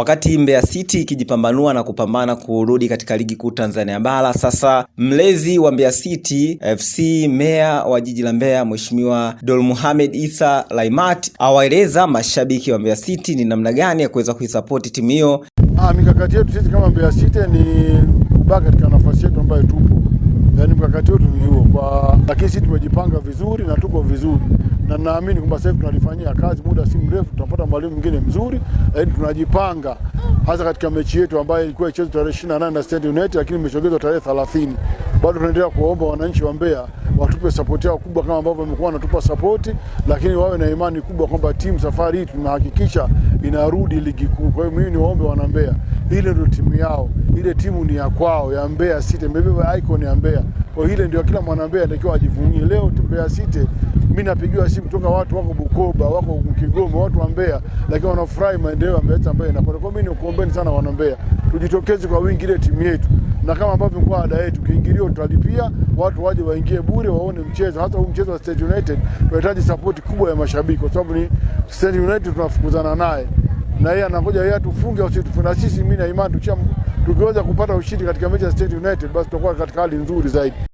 Wakati Mbeya City ikijipambanua na kupambana kurudi katika ligi kuu Tanzania bara, sasa mlezi wa Mbeya City FC, meya wa jiji la Mbeya, Mheshimiwa Dulmohamed isa Laimat awaeleza mashabiki wa Mbeya City ni namna gani ya kuweza kuisapoti timu hiyo. Ah, mikakati yetu sisi kama Mbeya City ni kubaki katika nafasi yetu ambayo tupo yani mkakati wetu ni huo kwa, lakini sisi tumejipanga vizuri na tuko vizuri, na naamini kwamba sasa hivi tunalifanyia kazi, muda si mrefu tutapata mwalimu mwingine mzuri, lakini tunajipanga hasa katika mechi yetu ambayo ilikuwa ichezwe tarehe 28 na Stand United, lakini imechogezwa tarehe 30 bado tunaendelea kuwaomba wananchi wa Mbeya watupe sapoti yao kubwa kama ambavyo wamekuwa wanatupa sapoti, lakini wawe na imani kubwa kwamba timu safari hii tunahakikisha inarudi ligi kuu. Kwa hiyo mimi niwaombe wana Mbeya, ile ndio timu yao, ile timu ni ya kwao, ya Mbeya City, mbebeba icon ya Mbeya. Kwa hiyo ile ndio kila mwana Mbeya anatakiwa ajivunie. Leo Mbeya City mimi napigiwa simu kutoka watu wako Bukoba, wako Kigoma, watu wa Mbeya, lakini wanafurahi maendeleo ya Mbeya ambayo inakwenda. Kwa hiyo mimi nikuombeni sana wana Mbeya, tujitokeze kwa wingi ile timu yetu na kama ambavyo kwa ada yetu kiingilio tutalipia, watu waje waingie bure waone mchezo. Hasa huu mchezo wa Stand United tunahitaji sapoti kubwa ya mashabiki, kwa sababu ni Stand United tunafukuzana naye na yeye anangoja yeye atufunge au situfunge. Sisi mimi na imani tukiweza kupata ushindi katika mechi ya Stand United, basi tutakuwa katika hali nzuri zaidi.